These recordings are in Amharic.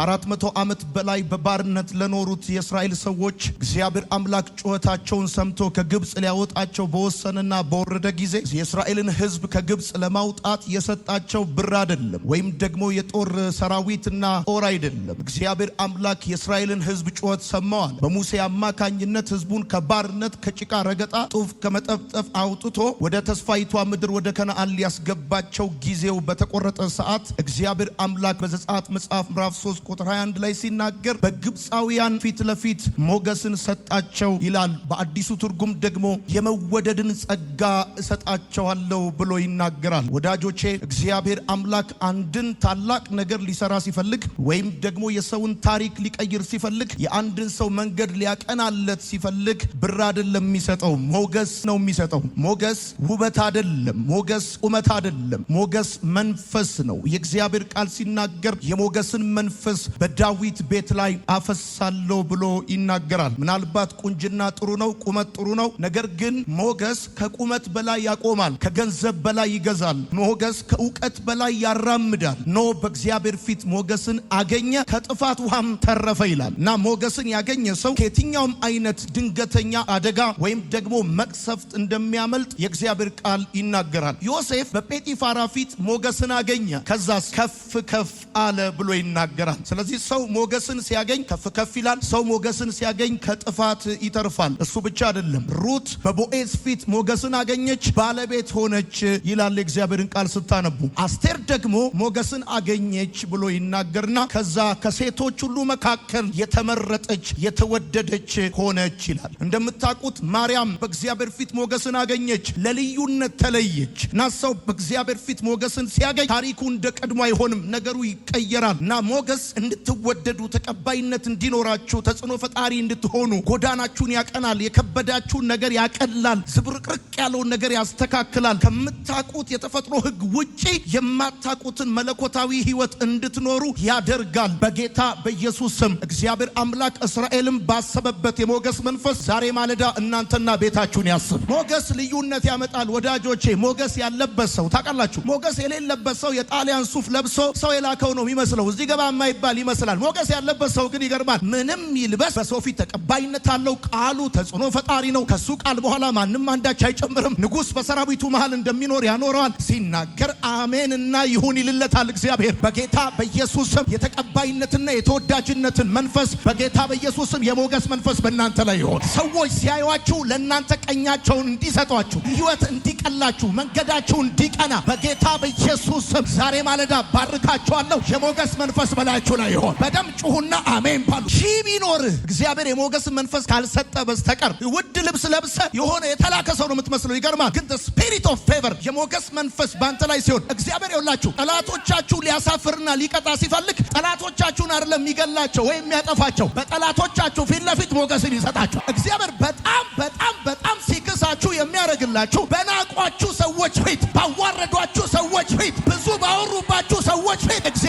ከአራት መቶ ዓመት በላይ በባርነት ለኖሩት የእስራኤል ሰዎች እግዚአብሔር አምላክ ጩኸታቸውን ሰምቶ ከግብፅ ሊያወጣቸው በወሰነና በወረደ ጊዜ የእስራኤልን ሕዝብ ከግብፅ ለማውጣት የሰጣቸው ብር አይደለም፣ ወይም ደግሞ የጦር ሰራዊትና ጦር አይደለም። እግዚአብሔር አምላክ የእስራኤልን ሕዝብ ጩኸት ሰማዋል። በሙሴ አማካኝነት ሕዝቡን ከባርነት ከጭቃ ረገጣ፣ ጡፍ ከመጠፍጠፍ አውጥቶ ወደ ተስፋይቷ ምድር ወደ ከነአን ሊያስገባቸው ጊዜው በተቆረጠ ሰዓት እግዚአብሔር አምላክ በዘጸአት መጽሐፍ ምዕራፍ 3 ቁጥር 21 ላይ ሲናገር በግብፃውያን ፊት ለፊት ሞገስን ሰጣቸው ይላል። በአዲሱ ትርጉም ደግሞ የመወደድን ጸጋ እሰጣቸዋለሁ ብሎ ይናገራል። ወዳጆቼ እግዚአብሔር አምላክ አንድን ታላቅ ነገር ሊሰራ ሲፈልግ ወይም ደግሞ የሰውን ታሪክ ሊቀይር ሲፈልግ የአንድን ሰው መንገድ ሊያቀናለት ሲፈልግ ብር አይደለም የሚሰጠው፣ ሞገስ ነው የሚሰጠው። ሞገስ ውበት አይደለም፣ ሞገስ ቁመት አይደለም፣ ሞገስ መንፈስ ነው። የእግዚአብሔር ቃል ሲናገር የሞገስን መንፈስ ቅዱስ በዳዊት ቤት ላይ አፈሳለሁ ብሎ ይናገራል። ምናልባት ቁንጅና ጥሩ ነው፣ ቁመት ጥሩ ነው። ነገር ግን ሞገስ ከቁመት በላይ ያቆማል፣ ከገንዘብ በላይ ይገዛል። ሞገስ ከእውቀት በላይ ያራምዳል። ኖ በእግዚአብሔር ፊት ሞገስን አገኘ፣ ከጥፋት ውሃም ተረፈ ይላል እና ሞገስን ያገኘ ሰው ከየትኛውም አይነት ድንገተኛ አደጋ ወይም ደግሞ መቅሰፍት እንደሚያመልጥ የእግዚአብሔር ቃል ይናገራል። ዮሴፍ በጴጢፋራ ፊት ሞገስን አገኘ፣ ከዛስ ከፍ ከፍ አለ ብሎ ይናገራል። አይደለም። ስለዚህ ሰው ሞገስን ሲያገኝ ከፍ ከፍ ይላል። ሰው ሞገስን ሲያገኝ ከጥፋት ይተርፋል። እሱ ብቻ አይደለም። ሩት በቦኤዝ ፊት ሞገስን አገኘች፣ ባለቤት ሆነች ይላል የእግዚአብሔርን ቃል ስታነቡ። አስቴር ደግሞ ሞገስን አገኘች ብሎ ይናገርና ከዛ ከሴቶች ሁሉ መካከል የተመረጠች የተወደደች ሆነች ይላል። እንደምታውቁት ማርያም በእግዚአብሔር ፊት ሞገስን አገኘች፣ ለልዩነት ተለየች እና ሰው በእግዚአብሔር ፊት ሞገስን ሲያገኝ ታሪኩ እንደ ቀድሞ አይሆንም፣ ነገሩ ይቀየራል እና ሞገስ እንድትወደዱ፣ ተቀባይነት እንዲኖራችሁ፣ ተጽዕኖ ፈጣሪ እንድትሆኑ ጎዳናችሁን ያቀናል። የከበዳችሁን ነገር ያቀላል። ዝብርቅርቅ ያለውን ነገር ያስተካክላል። ከምታቁት የተፈጥሮ ሕግ ውጪ የማታቁትን መለኮታዊ ሕይወት እንድትኖሩ ያደርጋል። በጌታ በኢየሱስ ስም እግዚአብሔር አምላክ እስራኤልም ባሰበበት የሞገስ መንፈስ ዛሬ ማለዳ እናንተና ቤታችሁን ያስብ። ሞገስ ልዩነት ያመጣል። ወዳጆቼ ሞገስ ያለበት ሰው ታውቃላችሁ፣ ሞገስ የሌለበት ሰው የጣሊያን ሱፍ ለብሶ ሰው የላከው ነው የሚመስለው። እዚህ ገባ የማይ የሚባል ይመስላል። ሞገስ ያለበት ሰው ግን ይገርማል። ምንም ይልበስ በሰው ፊት ተቀባይነት አለው። ቃሉ ተጽዕኖ ፈጣሪ ነው። ከሱ ቃል በኋላ ማንም አንዳች አይጨምርም። ንጉሥ በሰራዊቱ መሃል እንደሚኖር ያኖረዋል። ሲናገር አሜን እና ይሁን ይልለታል። እግዚአብሔር በጌታ በኢየሱስ ስም የተቀባይነትና የተወዳጅነትን መንፈስ በጌታ በኢየሱስ ስም የሞገስ መንፈስ በእናንተ ላይ ይሆን። ሰዎች ሲያዩአችሁ ለእናንተ ቀኛቸውን እንዲሰጧችሁ፣ ህይወት እንዲቀላችሁ፣ መንገዳችሁ እንዲቀና በጌታ በኢየሱስ ስም ዛሬ ማለዳ ባርካችኋለሁ። የሞገስ መንፈስ በላችሁ በላያችሁ ላይ ይሆን። በደምብ ጩሁና አሜን ባሉ። ሺህ ቢኖርህ እግዚአብሔር የሞገስ መንፈስ ካልሰጠ በስተቀር ውድ ልብስ ለብሰ የሆነ የተላከ ሰው ነው የምትመስለው። ይገርማል። ግን ስፒሪት ኦፍ ፌቨር የሞገስ መንፈስ በአንተ ላይ ሲሆን እግዚአብሔር የውላችሁ ጠላቶቻችሁ ሊያሳፍርና ሊቀጣ ሲፈልግ ጠላቶቻችሁን አይደለም የሚገላቸው ወይም የሚያጠፋቸው፣ በጠላቶቻችሁ ፊት ለፊት ሞገስን ይሰጣችሁ። እግዚአብሔር በጣም በጣም በጣም ሲክሳችሁ የሚያደርግላችሁ በናቋችሁ ሰዎች ፊት ባዋረዷችሁ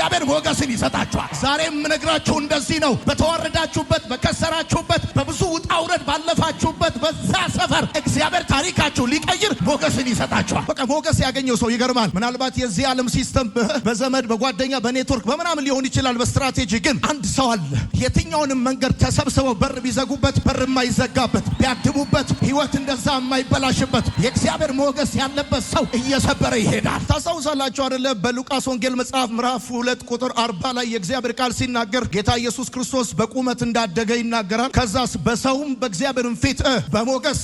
እግዚአብሔር ሞገስን ይሰጣችኋል። ዛሬ የምነግራችሁ እንደዚህ ነው። በተዋረዳችሁበት፣ በከሰራችሁበት፣ በብዙ ውጣ ውረድ ባለፋችሁ በዛ ሰፈር እግዚአብሔር ታሪካችሁ ሊቀይር ሞገስን ይሰጣችኋል። በቃ ሞገስ ያገኘው ሰው ይገርማል። ምናልባት የዚህ ዓለም ሲስተም በዘመድ በጓደኛ በኔትወርክ በምናምን ሊሆን ይችላል። በስትራቴጂ ግን አንድ ሰው አለ። የትኛውንም መንገድ ተሰብስበው በር ቢዘጉበት በር የማይዘጋበት ቢያድሙበት ህይወት እንደዛ የማይበላሽበት የእግዚአብሔር ሞገስ ያለበት ሰው እየሰበረ ይሄዳል። ታስታውሳላችሁ አደለ? በሉቃስ ወንጌል መጽሐፍ ምዕራፍ ሁለት ቁጥር አርባ ላይ የእግዚአብሔር ቃል ሲናገር ጌታ ኢየሱስ ክርስቶስ በቁመት እንዳደገ ይናገራል። ከዛስ በሰውም በእግዚአብሔርም ፊት በሞገስ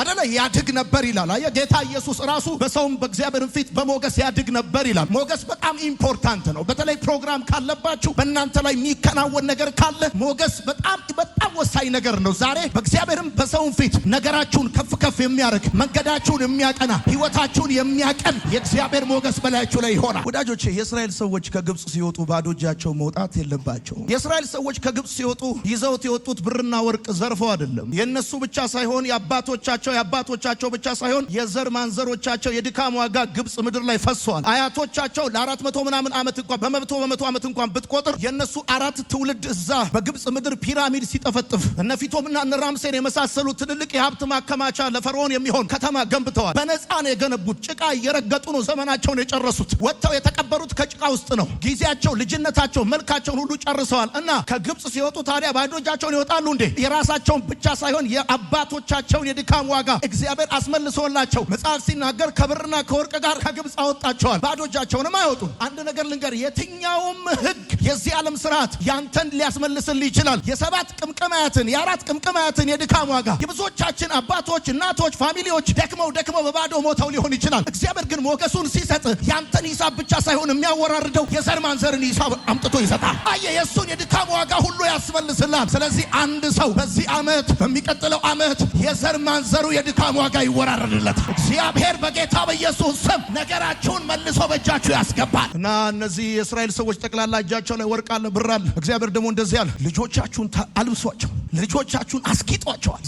አደለ ያድግ ነበር ይላል። አየ ጌታ ኢየሱስ ራሱ በሰውም በእግዚአብሔርም ፊት በሞገስ ያድግ ነበር ይላል። ሞገስ በጣም ኢምፖርታንት ነው። በተለይ ፕሮግራም ካለባችሁ በእናንተ ላይ የሚከናወን ነገር ካለ ሞገስ በጣም በጣም ወሳኝ ነገር ነው። ዛሬ በእግዚአብሔርም በሰውም ፊት ነገራችሁን ከፍ ከፍ የሚያደርግ መንገዳችሁን የሚያቀና ህይወታችሁን የሚያቀን የእግዚአብሔር ሞገስ በላያችሁ ላይ ይሆናል። ወዳጆቼ የእስራኤል ሰዎች ከግብፅ ሲወጡ ባዶ እጃቸው መውጣት የለባቸው። የእስራኤል ሰዎች ከግብፅ ሲወጡ ይዘውት የወጡት ብርና ወርቅ ዘርፈው አይደለም የእነሱ ብቻ ሳይሆን ሳይሆን የአባቶቻቸው የአባቶቻቸው ብቻ ሳይሆን የዘር ማንዘሮቻቸው የድካም ዋጋ ግብፅ ምድር ላይ ፈሷል። አያቶቻቸው ለአራት መቶ ምናምን ዓመት እንኳን በመቶ በመቶ ዓመት እንኳን ብትቆጥር የእነሱ አራት ትውልድ እዛ በግብፅ ምድር ፒራሚድ ሲጠፈጥፍ እነ ፊቶምና እነ ራምሴን የመሳሰሉ ትልልቅ የሀብት ማከማቻ ለፈርዖን የሚሆን ከተማ ገንብተዋል። በነፃ ነው የገነቡት። ጭቃ እየረገጡ ነው ዘመናቸውን የጨረሱት። ወጥተው የተቀበሩት ከጭቃ ውስጥ ነው። ጊዜያቸው፣ ልጅነታቸው፣ መልካቸውን ሁሉ ጨርሰዋል እና ከግብፅ ሲወጡ ታዲያ ባዶ እጃቸውን ይወጣሉ እንዴ? የራሳቸውን ብቻ ሳይሆን የአባቶ የአባቶቻቸውን የድካም ዋጋ እግዚአብሔር አስመልሶላቸው መጽሐፍ ሲናገር ከብርና ከወርቅ ጋር ከግብፅ አወጣቸዋል። ባዶ እጃቸውንም አይወጡም። አንድ ነገር ልንገር፣ የትኛውም ህግ የዚህ ዓለም ስርዓት ያንተን ሊያስመልስልህ ይችላል። የሰባት ቅምቅማያትን የአራት ቅምቅማያትን የድካም ዋጋ የብዙዎቻችን አባቶች፣ እናቶች፣ ፋሚሊዎች ደክመው ደክመው በባዶ ሞተው ሊሆን ይችላል። እግዚአብሔር ግን ሞገሱን ሲሰጥ ያንተን ሂሳብ ብቻ ሳይሆን የሚያወራርደው የዘር ማንዘርን ሂሳብ አምጥቶ ይሰጣል። አየ የእሱን የድካም ዋጋ ሁሉ ያስመልስላል። ስለዚህ አንድ ሰው በዚህ ዓመት በሚቀጥለው ዓመት ሰዎች የዘር ማንዘሩ የድካም ዋጋ ይወራረድለት። እግዚአብሔር በጌታ በኢየሱስ ስም ነገራችሁን መልሶ በእጃችሁ ያስገባል እና እነዚህ የእስራኤል ሰዎች ጠቅላላ እጃቸው ላይ ወርቅ አለ፣ ብር አለ። እግዚአብሔር ደግሞ እንደዚህ አለ፣ ልጆቻችሁን አልብሷቸው፣ ልጆቻችሁን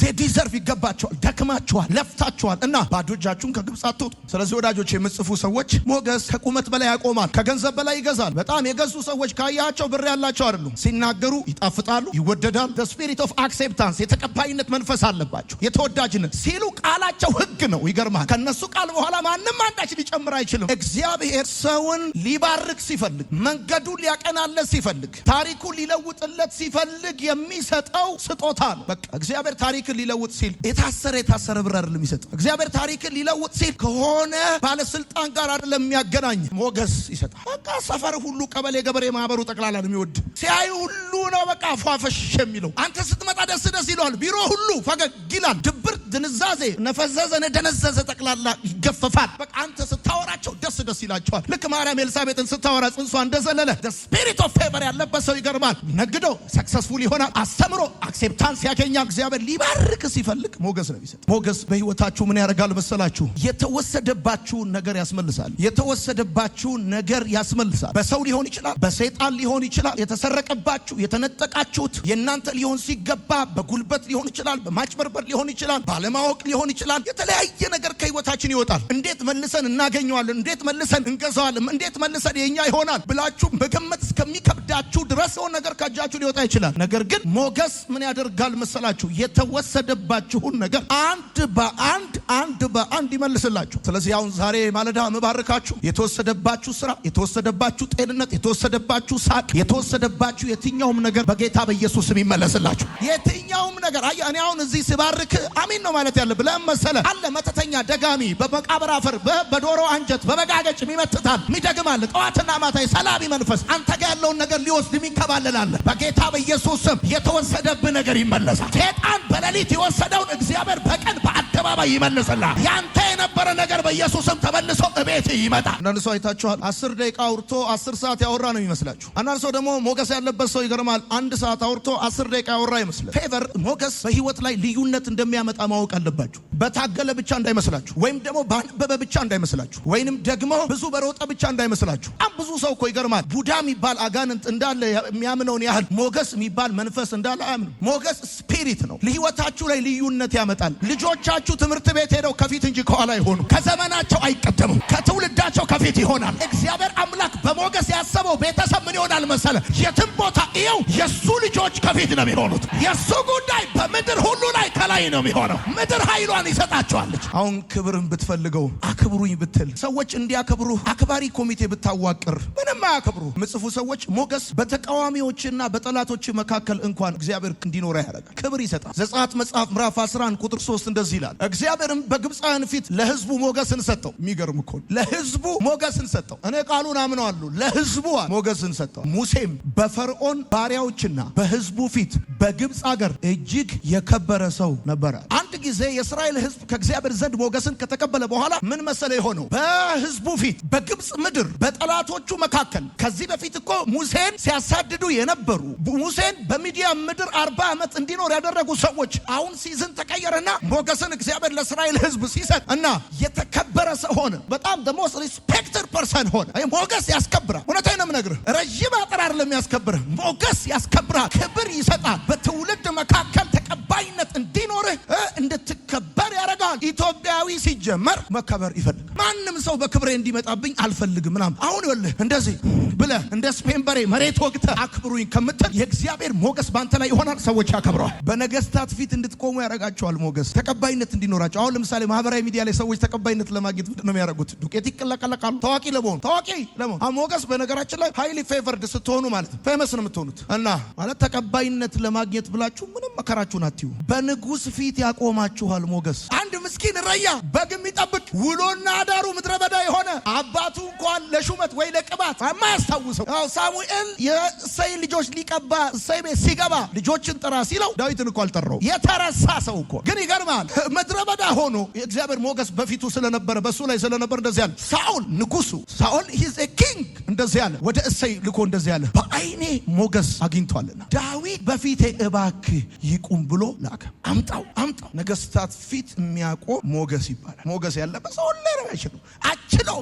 ዜ ዲዘርቭ ይገባቸዋል። ደክማችኋል፣ ለፍታችኋል እና ባዶ እጃችሁን ከግብፅ አትወጡ። ስለዚህ ወዳጆች የምጽፉ ሰዎች ሞገስ ከቁመት በላይ ያቆማል፣ ከገንዘብ በላይ ይገዛል። በጣም የገዙ ሰዎች ካያቸው ብር ያላቸው አይደሉም። ሲናገሩ ይጣፍጣሉ፣ ይወደዳሉ። ስፒሪት ኦፍ አክሴፕታንስ የተቀባይነት መንፈስ አለባቸው። አለባቸው። የተወዳጅነት ሲሉ ቃላቸው ህግ ነው። ይገርማል። ከነሱ ቃል በኋላ ማንም አንዳች ሊጨምር አይችልም። እግዚአብሔር ሰውን ሊባርክ ሲፈልግ፣ መንገዱን ሊያቀናለት ሲፈልግ፣ ታሪኩን ሊለውጥለት ሲፈልግ የሚሰጠው ስጦታ ነው። በቃ እግዚአብሔር ታሪክን ሊለውጥ ሲል የታሰረ የታሰረ ብር አይደለም ይሰጠው። እግዚአብሔር ታሪክን ሊለውጥ ሲል ከሆነ ባለስልጣን ጋር አይደለም የሚያገናኝ፣ ሞገስ ይሰጣል። በቃ ሰፈር ሁሉ ቀበሌ፣ ገበሬ ማህበሩ ጠቅላላ ነው የሚወድ ሲያዩ ሁሉ ነው በቃ ፏፈሽ የሚለው አንተ ስትመጣ ደስ ደስ ይለዋል። ቢሮ ሁሉ ፈገግ ይላል። ድብር፣ ድንዛዜ፣ ነፈዘዘ፣ ደነዘዘ፣ ጠቅላላ ይገፈፋል። በቃ አንተ ስታወራ ደስ ደስ ይላቸዋል። ልክ ማርያም ኤልሳቤጥን ስታወራ ጽንሷ እንደዘለለ ስፒሪት ኦፍ ፌቨር ያለበት ሰው ይገርማል። ነግዶ ሰክሰስፉል ይሆናል። አስተምሮ አክሴፕታንስ ያገኛል። እግዚአብሔር ሊባርክ ሲፈልግ ሞገስ ነው ይሰጥ። ሞገስ በህይወታችሁ ምን ያደርጋል መሰላችሁ? የተወሰደባችሁን ነገር ያስመልሳል። የተወሰደባችሁን ነገር ያስመልሳል። በሰው ሊሆን ይችላል፣ በሰይጣን ሊሆን ይችላል። የተሰረቀባችሁ የተነጠቃችሁት የእናንተ ሊሆን ሲገባ በጉልበት ሊሆን ይችላል፣ በማጭበርበር ሊሆን ይችላል፣ ባለማወቅ ሊሆን ይችላል። የተለያየ ነገር ከህይወታችን ይወጣል። እንዴት መልሰን እናገኘዋለን? እንዴት እንዴት መልሰን እንገዛዋለን? እንዴት መልሰን የኛ ይሆናል ብላችሁ መገመት እስከሚከብዳችሁ ድረስ የሆነ ነገር ከእጃችሁ ሊወጣ ይችላል። ነገር ግን ሞገስ ምን ያደርጋል መሰላችሁ? የተወሰደባችሁን ነገር አንድ በአንድ አንድ በአንድ ይመልስላችሁ። ስለዚህ አሁን ዛሬ ማለዳ መባርካችሁ የተወሰደባችሁ ስራ፣ የተወሰደባችሁ ጤንነት፣ የተወሰደባችሁ ሳቅ፣ የተወሰደባችሁ የትኛውም ነገር በጌታ በኢየሱስ ስም ይመለስላችሁ። የትኛውም ነገር አየህ፣ እኔ አሁን እዚህ ሲባርክ አሚን ነው ማለት ያለ ብለን መሰለ አለ መተተኛ ደጋሚ በመቃብር አፈር በዶሮ አንጀት የሚያረጋገጭ የሚመትታል፣ የሚደግማል ጠዋትና ማታ ሰላሚ መንፈስ አንተ ጋር ያለውን ነገር ሊወስድ ይከባለላል። በጌታ በኢየሱስ ስም የተወሰደብህ ነገር ይመለሳል። ሴጣን በሌሊት የወሰደውን እግዚአብሔር በቀን በአደባባይ ይመልስልሃል። ያንተ የነበ የነበረ ነገር በኢየሱስም ተመልሶ እቤት ይመጣል። አንዳንድ ሰው አይታችኋል፣ አስር ደቂቃ አውርቶ አስር ሰዓት ያወራ ነው ይመስላችሁ። አንዳንድ ሰው ደግሞ ሞገስ ያለበት ሰው ይገርማል፣ አንድ ሰዓት አውርቶ አስር ደቂቃ ያወራ ይመስላል። ፌቨር ሞገስ በህይወት ላይ ልዩነት እንደሚያመጣ ማወቅ አለባችሁ። በታገለ ብቻ እንዳይመስላችሁ፣ ወይም ደግሞ በአንበበ ብቻ እንዳይመስላችሁ፣ ወይንም ደግሞ ብዙ በሮጠ ብቻ እንዳይመስላችሁ። በጣም ብዙ ሰው እኮ ይገርማል፣ ቡዳ የሚባል አጋንንት እንዳለ የሚያምነውን ያህል ሞገስ የሚባል መንፈስ እንዳለ አያምንም። ሞገስ ስፒሪት ነው። ለህይወታችሁ ላይ ልዩነት ያመጣል። ልጆቻችሁ ትምህርት ቤት ሄደው ከፊት እንጂ ከኋላ አይሆኑም። ከዘመናቸው አይቀደሙ ከትውልዳቸው ከፊት ይሆናል። እግዚአብሔር አምላክ በሞገስ ያሰበው ቤተሰብ ምን ይሆናል መሰለ? የትም ቦታ እየው የእሱ ልጆች ከፊት ነው የሚሆኑት። የእሱ ጉዳይ በምድር ሁሉ ላይ ከላይ ነው የሚሆነው። ምድር ኃይሏን ይሰጣቸዋለች። አሁን ክብርን ብትፈልገው አክብሩኝ ብትል ሰዎች እንዲያከብሩ አክባሪ ኮሚቴ ብታዋቅር ምንም አያከብሩ ምጽፉ ሰዎች ሞገስ በተቃዋሚዎችና በጠላቶች መካከል እንኳን እግዚአብሔር እንዲኖረ ያደርጋል። ክብር ይሰጣል። ዘጸአት መጽሐፍ ምዕራፍ 11 ቁጥር 3 እንደዚህ ይላል፣ እግዚአብሔርም በግብፃውያን ፊት ለህዝብ ለህዝቡ ሞገስን ሰጠው። የሚገርም እኮ ለህዝቡ ሞገስን ሰጠው። እኔ ቃሉን አምነዋለሁ። ለህዝቡ ሞገስን ሰጠው። ሙሴም በፈርዖን ባሪያዎችና በህዝቡ ፊት በግብፅ አገር እጅግ የከበረ ሰው ነበረ። አንድ ጊዜ የእስራኤል ህዝብ ከእግዚአብሔር ዘንድ ሞገስን ከተቀበለ በኋላ ምን መሰለ የሆነው በህዝቡ ፊት በግብፅ ምድር በጠላቶቹ መካከል ከዚህ በፊት እኮ ሙሴን ሲያሳድዱ የነበሩ ሙሴን በሚዲያም ምድር አርባ ዓመት እንዲኖር ያደረጉ ሰዎች አሁን ሲዝን ተቀየረና ሞገስን እግዚአብሔር ለእስራኤል ህዝብ ሲሰጥ እና የተከበረ ሰው ሆነ። በጣም ደ ሞስት ሪስፔክትድ ፐርሰን ሆነ። ሞገስ ያስከብራል። እውነቴን ነው የምነግርህ። ረዥም አጥር አይደለም ያስከብርህ፣ ሞገስ ያስከብራል። ክብር ይሰጣል። በትውልድ መካከል ተቀባይነት እንዲኖርህ እንድትከበር ያደርጋል። ኢትዮጵያ ኢትዮጵያዊ ሲጀመር መከበር ይፈልጋል። ማንም ሰው በክብሬ እንዲመጣብኝ አልፈልግም ምናምን። አሁን ይኸውልህ እንደዚህ ብለህ እንደ ስፔን በሬ መሬት ወቅተ አክብሩኝ ከምትል የእግዚአብሔር ሞገስ በአንተ ላይ ይሆናል። ሰዎች ያከብረዋል። በነገስታት ፊት እንድትቆሙ ያደርጋቸዋል። ሞገስ ተቀባይነት እንዲኖራቸው። አሁን ለምሳሌ ማህበራዊ ሚዲያ ላይ ሰዎች ተቀባይነት ለማግኘት ምንድን ነው የሚያደርጉት? ዱቄት ይቀለቀለቃሉ። ታዋቂ ለመሆኑ ታዋቂ ለመሆኑ ሞገስ በነገራችን ላይ ሀይሊ ፌቨርድ ስትሆኑ ማለት ነው ፌመስ ነው የምትሆኑት እና ማለት ተቀባይነት ለማግኘት ብላችሁ ምንም መከራችሁን አትዩ። በንጉስ ፊት ያቆማችኋል ሞገስ አንድ ምስኪን እረያ በግ የሚጠብቅ ውሎና አዳሩ ምድረ በዳ የሆነ አባቱ እንኳን ለሹመት ወይ ለቅባት የማያስታውሰው ሳሙኤል የእሰይ ልጆች ሊቀባ እሰይ ቤት ሲገባ ልጆችን ጥራ ሲለው ዳዊትን እኮ አልጠራው። የተረሳ ሰው እኮ ግን ይገርማል። ምድረ በዳ ሆኖ የእግዚአብሔር ሞገስ በፊቱ ስለነበረ በሱ ላይ ስለነበር እንደዚህ ያለ ሳኦል ንጉሱ ሳኦል ሂዝ ኪንግ እንደዚህ ያለ ወደ እሰይ ልኮ እንደዚህ ያለ በአይኔ ሞገስ አግኝቷልና ዳዊት በፊቴ እባክ ይቁም ብሎ ላከ። አምጣው አምጣው ነገስታት ፊት የሚያቆ ሞገስ ይባላል። ሞገስ ያለበት ሰው ሁሌ ነው አይችለው አችለው።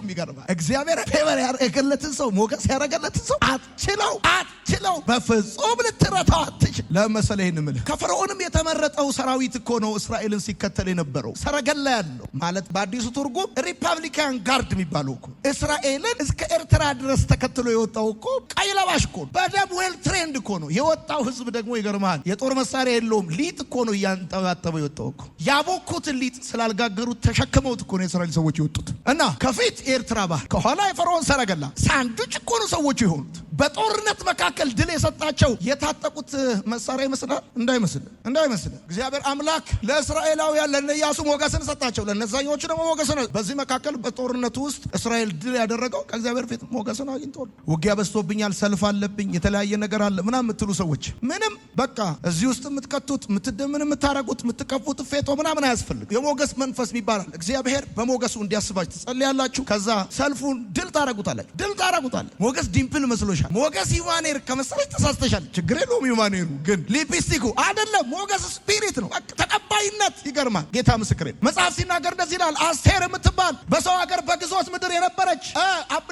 እግዚአብሔር ፌቨር ያደረገለትን ሰው ሞገስ ያደረገለትን ሰው አትችለው አትችለው፣ በፍጹም ልትረታው አትችል። ለመሰለ ይህን ምልህ ከፈርዖንም የተመረጠው ሰራዊት እኮ ነው እስራኤልን ሲከተል የነበረው ሰረገላ ያለው ማለት በአዲሱ ትርጉም ሪፐብሊካን ጋርድ የሚባለው እኮ እስራኤልን እስከ ኤርትራ ድረስ ተከትሎ የወጣው እኮ ቀይ ለባሽ እኮ ነው። በደም ዌል ትሬንድ እኮ ነው የወጣው ህዝብ ደግሞ ይገርማል የጦር መሳሪያ የለውም። ሊጥ እኮ ነው እያንጠባጠበው የወጣው እኮ ያቦኩትን ሊጥ ስላልጋገሩት ተሸክመውት እኮ ነው የእስራኤል ሰዎች የወጡት። እና ከፊት ኤርትራ ባህር ከኋላ የፈርዖን ሰረገላ ሳንዱች እኮ ነው ሰዎቹ የሆኑት። በጦርነት መካከል ድል የሰጣቸው የታጠቁት መሳሪያ ይመስላል? እንዳይመስል እንዳይመስል። እግዚአብሔር አምላክ ለእስራኤላውያን ለነያሱ ሞገስን ሰጣቸው፣ ለነዛኞቹ ደግሞ ሞገስን። በዚህ መካከል በጦርነቱ ውስጥ እስራኤል ድል ያደረገው ከእግዚአብሔር ፊት ሞገስን አግኝቶ ውጊያ በዝቶብኛል፣ ሰልፍ አለብኝ፣ የተለያየ ነገር አለ ምናምን የምትሉ ሰዎች ምንም በቃ እዚህ ውስጥ የምትቀቱት ምትደምን የምታረጉት የምትቀፉት ፌቶ ምናምን አያስፈልግ። የሞገስ መንፈስ ይባላል። እግዚአብሔር በሞገሱ እንዲያስባች ትጸልያላችሁ። ከዛ ሰልፉን ድል ታረጉታላችሁ። ድል ታረጉታለ። ሞገስ ዲምፕል መስሎሻል። ሞገስ ዩማኔር ከመሰለች ተሳስተሻል። ችግር የለውም። ዩማኔሩ ግን ሊፕስቲኩ አይደለም። ሞገስ ስፒሪት ነው። ተቀባይነት ይገርማል። ጌታ ምስክሬ። መጽሐፍ ሲናገር እንደዚህ ይላል። አስቴር የምትባል በሰው ሀገር በግዞት ምድር የነበረች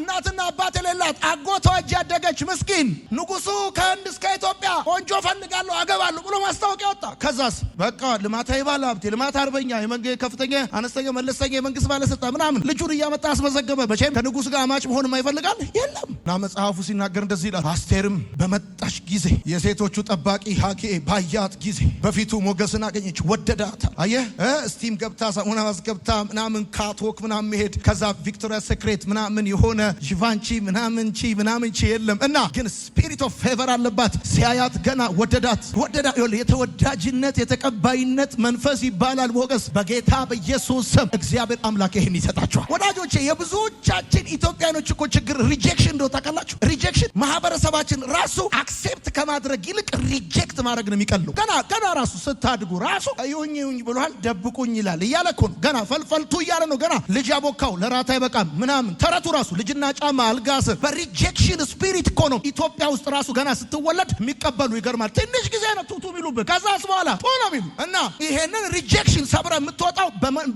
እናትና አባት የሌላት አጎቷ እጅ ያደገች ምስኪን ንጉሱ ከህንድ እስከ ኢትዮጵያ ቆንጆ ፈልጋለሁ አገባለሁ ብሎ ማስታወቂያ ወጣ። ከዛስ በቃ ልማታዊ ባለ ሀብት፣ ልማት አርበኛ፣ የመንገድ ከፍተኛ፣ አነስተኛ፣ መለስተኛ የመንግስት ባለስልጣን ምናምን ልጁን እያመጣ አስመዘገበ። መቼም ከንጉሥ ጋር አማጭ መሆን የማይፈልጋል የለም እና መጽሐፉ ሲናገር እንደዚህ ይላል። አስቴርም በመጣሽ ጊዜ የሴቶቹ ጠባቂ ሀጌ ባያት ጊዜ በፊቱ ሞገስን አገኘች፣ ወደዳት። አየህ እስቲም ገብታ ሳሙና ገብታ ምናምን ካትወክ ምናምን መሄድ ከዛ ቪክቶሪያ ሴክሬት ምናምን የሆነ ሽቫንቺ ምናምን ቺ ምናምን ቺ የለም እና ግን ስፒሪት ኦፍ ፌቨር አለባት። ሲያያት ገና ወደዳት ወደዳት። የተወዳጅነት የተቀባይነት መንፈስ ይባላል ሞገስ በጌታ በኢየሱስ ስም እግዚአብሔር አምላክ ይህን ይሰጣቸዋል። ወዳጆቼ የብዙዎቻችን ኢትዮጵያኖች እኮ ችግር ሪጀክሽን እንደው ታውቃላችሁ። ሪጀክሽን ማህበረሰባችን ራሱ አክሴፕት ከማድረግ ይልቅ ሪጀክት ማድረግ ነው የሚቀለው። ገና ገና ራሱ ስታድጉ ራሱ ይሁኝ ይሁኝ ብሏል፣ ደብቁኝ ይላል እያለ እኮ ነው። ገና ፈልፈልቱ እያለ ነው። ገና ልጅ ያቦካው ለራት አይበቃም ምናምን ተረቱ ራሱ ልጅና ጫማ አልጋ በሪጀክሽን ስፒሪት እኮ ነው ኢትዮጵያ ውስጥ ራሱ ገና ስትወለድ የሚቀበሉ ይገርማል። ትንሽ ጊዜ ነው ቱቱ የሚሉብህ፣ ከዛስ በኋላ ቱ ነው የሚሉ እና ይሄንን ሪጀክሽን ሰብረ የምትወጣው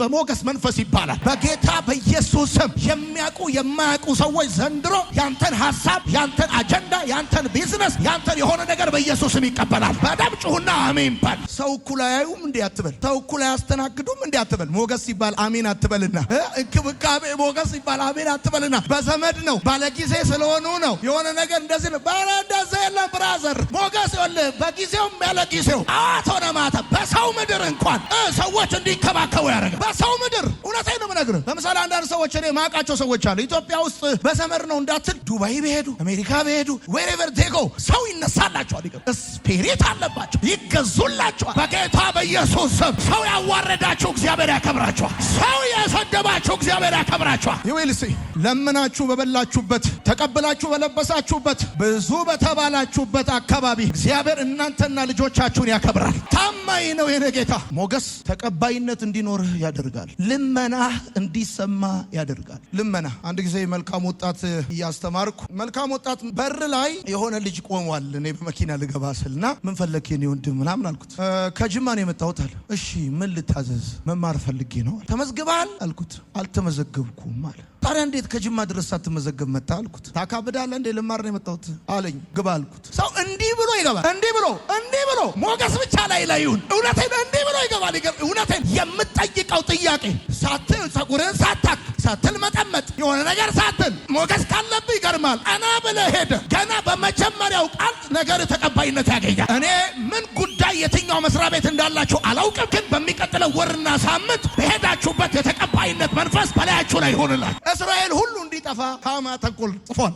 በሞገስ መንፈስ ይባላል በጌታ በኢየሱስ ስም የሚያውቁ የማያውቁ ሰዎች ዘንድሮ ያንተን ሀሳብ፣ ያንተን አጀንዳ፣ ያንተን ቢዝነስ፣ ያንተን የሆነ ነገር በኢየሱስ ስም ይቀበላል። በደም ጩሁና አሜን በል። ሰው እኩል አያዩም እንዲህ አትበል። ሰው እኩል አያስተናግዱም እንዲህ አትበል። ሞገስ ሲባል አሜን አትበልና እንክብካቤ ሞገስ ሲባል አሜን አትበልና በዘመድ ነው ባለጊዜ ስለሆኑ ነው የሆነ ነገር እንደዚህ ነው። ባለ እንደዚህ የለም ብራዘር ሞገስ ይወል በጊዜውም ያለ ጊዜው አዋት ሆነ ማተ በሰው ምድር እንኳን ሰዎች እንዲንከባከቡ ያደረገ በሰው ምድር እውነት ነው የምነግርህ በምሳሌ አንዳንድ ሰዎች እኔ ማውቃቸው ሰዎች አሉ። ኢትዮጵያ ውስጥ በሰመር ነው እንዳትል፣ ዱባይ በሄዱ አሜሪካ በሄዱ ዌሬቨር ቴጎ ሰው ይነሳላቸዋል። ስፒሪት አለባቸው፣ ይገዙላቸዋል። በጌታ በኢየሱስ ስም ሰው ያዋረዳቸው እግዚአብሔር ያከብራቸዋል። ሰው የሰደባቸው እግዚአብሔር ያከብራቸዋል። ይዌልሲ ለምናችሁ በበላችሁበት ተቀብላችሁ በለበሳችሁበት ብዙ በተባላችሁበት አካባቢ እግዚአብሔር እናንተና ልጆቻችሁን ያከብራል። ታማኝ ነው የኔ ጌታ። ሞገስ ተቀባይነት እንዲኖርህ ያደርጋል። ልመናህ እንዲሰ ለማ ያደርጋል። ልመና አንድ ጊዜ መልካም ወጣት እያስተማርኩ መልካም ወጣት በር ላይ የሆነ ልጅ ቆሟል። እኔ በመኪና ልገባ ስልና ምን ፈለግ የኔ ወንድም ምናምን አልኩት። ከጅማ ነው የመጣሁት አለ። እሺ ምን ልታዘዝ? መማር ፈልጌ ነው። ተመዝግበሃል አልኩት። አልተመዘገብኩም አለ። ታዲያ እንዴት ከጅማ ድረስ ሳትመዘገብ መጣ አልኩት። ታካብዳለህ እንዴ? ልማር ነው የመጣሁት አለኝ። ግባ አልኩት። ሰው እንዲህ ብሎ ይገባል። እንዲህ ብሎ እንዲህ ብሎ ሞገስ ብቻ ላይ ላይ ይሁን እውነቴን እንዲህ ብሎ ይገባል። እውነቴን የምጠይቀው ጥያቄ ሳት ጸጉርን ሳታክ ሳትልመጠመጥ የሆነ ነገር ሳትል ሞገስ ካለብህ ይገርማል። አና ብለህ ሄደ ገና በመጀመሪያው ቃል ነገር ተቀባይነት ያገኛል። እኔ ምን ጉዳይ የትኛው መስሪያ ቤት እንዳላችሁ አላውቅም፣ ግን በሚቀጥለው ወርና ሳምንት በሄዳችሁበት የተቀባይነት መንፈስ በላያችሁ ላይ ይሆንላችሁ። እስራኤል ሁሉ እንዲጠፋ ካማ ተንኮል ጽፏል።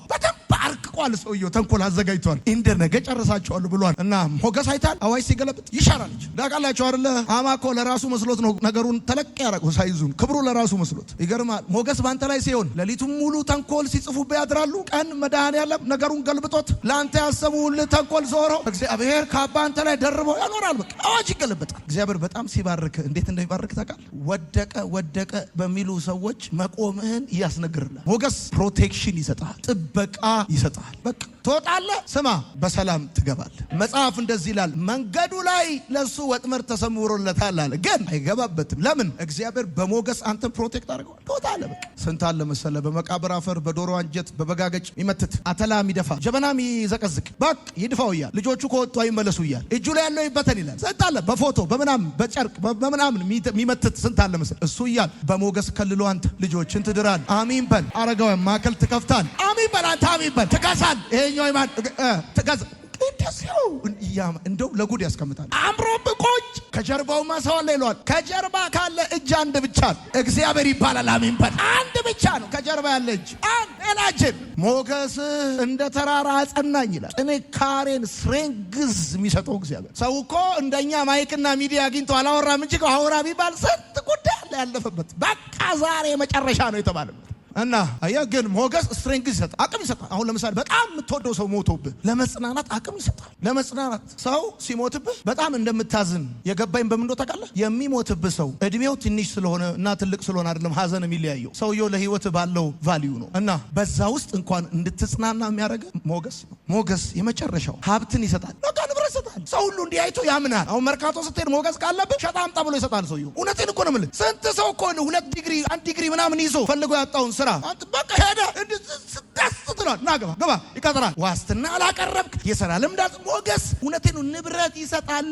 አውቋል። ሰውየው ተንኮል አዘጋጅቷል። እንደ ነገ ጨርሳቸዋሉ ብሏል። እና ሞገስ አይታል አዋጅ ሲገለብጥ ይሻራለች ዳቃላቸው አለ አማኮ ለራሱ መስሎት ነው ነገሩን ተለቅ ያረቁ ሳይዙን ክብሩ ለራሱ መስሎት ይገርማል። ሞገስ በአንተ ላይ ሲሆን ሌሊቱን ሙሉ ተንኮል ሲጽፉብህ ያድራሉ። ቀን ያለ ነገሩን ገልብጦት ለአንተ ያሰቡልህ ተንኮል ዞሮ እግዚአብሔር ካባ አንተ ላይ ደርበው ያኖራል። በቃ አዋጅ ይገለብጣል። እግዚአብሔር በጣም ሲባርክ እንዴት እንደሚባርክ ታውቃለህ? ወደቀ ወደቀ በሚሉ ሰዎች መቆምህን ያስነግርልሃል። ሞገስ ፕሮቴክሽን ይሰጣል፣ ጥበቃ ይሰጣል። ያልፋል። በቃ ትወጣለህ። ስማ፣ በሰላም ትገባለህ። መጽሐፍ እንደዚህ ይላል፣ መንገዱ ላይ ለእሱ ወጥመድ ተሰውሮለታል አለ፣ ግን አይገባበትም። ለምን? እግዚአብሔር በሞገስ አንተን ፕሮቴክት አድርገዋል። ትወጣለህ። በቃ ስንት አለ መሰለህ፣ በመቃብር አፈር፣ በዶሮ አንጀት፣ በበጋገጭ ይመትት፣ አተላም ይደፋ፣ ጀበናም ይዘቀዝቅ፣ ባቅ ይድፋው እያል ልጆቹ ከወጡ አይመለሱ እያል እጁ ላይ ያለው ይበተን ይላል። ስንት አለ በፎቶ በምናምን በጨርቅ በምናምን የሚመትት ስንት አለ መሰለህ፣ እሱ እያል በሞገስ ከልሎ አንተ ልጆችን ትድራል። አሚን በል። አረጋውያን ማዕከል ትከፍታል። አሚን በል። አንተ አሚን በል ይገዛል። ይሄኛው ይማን እንደው ለጉድ ያስቀምጣል። አምሮም ቆጭ ከጀርባው ማሳዋል ይለዋል። ከጀርባ ካለ እጅ አንድ ብቻ ነው። እግዚአብሔር ይባላል። አሜን በል። አንድ ብቻ ነው ከጀርባ ያለ እጅ ላችን ሞገስ እንደ ተራራ አጸናኝ ይላል። ጥንካሬን ስሬንግዝ የሚሰጠው እግዚአብሔር። ሰው እኮ እንደኛ ማይክና ሚዲያ አግኝቶ አላወራም እንጂ አውራ ቢባል ስንት ጉዳይ ያለፈበት በቃ ዛሬ መጨረሻ ነው የተባለበት እና አያ ግን ሞገስ ስትሬንግ ይሰጣል፣ አቅም ይሰጣል። አሁን ለምሳሌ በጣም የምትወደው ሰው ሞቶብህ ለመጽናናት አቅም ይሰጣል። ለመጽናናት ሰው ሲሞትብህ በጣም እንደምታዝን የገባኝ በምንዶ እንደሆነ ታውቃለህ? የሚሞትብህ ሰው እድሜው ትንሽ ስለሆነ እና ትልቅ ስለሆነ አይደለም ሀዘን የሚለያየው ሰውየው ለህይወት ባለው ቫሊዩ ነው። እና በዛ ውስጥ እንኳን እንድትጽናና የሚያደርገህ ሞገስ ነው። ሞገስ የመጨረሻው ሀብትን ይሰጣል በቃ ይሰጣል። ሰው ሁሉ እንዲህ አይቶ ያምናል። አሁን መርካቶ ስትሄድ ሞገስ ካለብህ ሸጣ አምጣ ብሎ ይሰጣል ሰውዬው። እውነቴን እኮ ነው የምልህ። ስንት ሰው እኮ ሁለት ዲግሪ አንድ ዲግሪ ምናምን ይዞ ፈልጎ ያጣውን ስራ አንተ በቃ ሄደ ደስ ነው ና ግባ ግባ ይቀጥራል። ዋስትና አላቀረብክ የሰራ ልምዳ ሞገስ እውነቴን ንብረት ይሰጣል።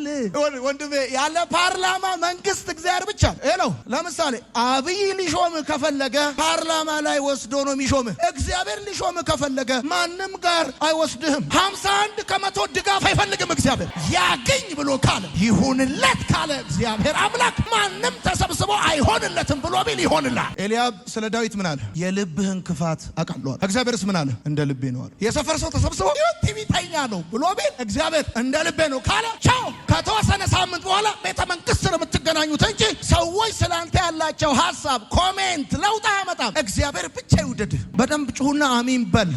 ወንድሜ ያለ ፓርላማ መንግስት እግዚአብሔር ብቻ ነው። ለምሳሌ አብይ ሊሾም ከፈለገ ፓርላማ ላይ ወስዶ ነው የሚሾምህ። እግዚአብሔር ሊሾም ከፈለገ ማንም ጋር አይወስድህም። ሀምሳ አንድ ከመቶ ድጋፍ አይፈልግም እግዚአብሔር እግዚአብሔር ያገኝ ብሎ ካለ ይሁንለት ካለ እግዚአብሔር አምላክ ማንም ተሰብስቦ አይሆንለትም ብሎ ቢል ይሆንላል። ኤልያብ ስለ ዳዊት ምን አለ? የልብህን ክፋት አቃለዋል። እግዚአብሔርስ ምን አለ? እንደ ልቤ ነው አለ። የሰፈር ሰው ተሰብስቦ ቲቪተኛ ነው ብሎ ቢል እግዚአብሔር እንደ ልቤ ነው ካለ ቻው። ከተወሰነ ሳምንት በኋላ ቤተ መንግስት ስር የምትገናኙት እንጂ ሰዎች ስለ አንተ ያላቸው ሀሳብ፣ ኮሜንት ለውጥ አያመጣም። እግዚአብሔር ብቻ ይውደድህ። በደንብ ጩሁና አሚን በል።